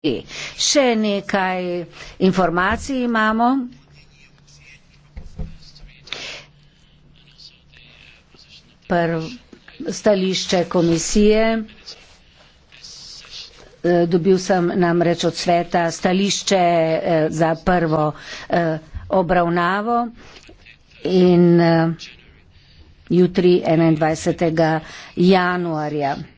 E. Še nekaj informacij imamo. Prvo stališče komisije. E, dobil sem namreč od sveta stališče e, za prvo obravnavo in jutri 21. januarja.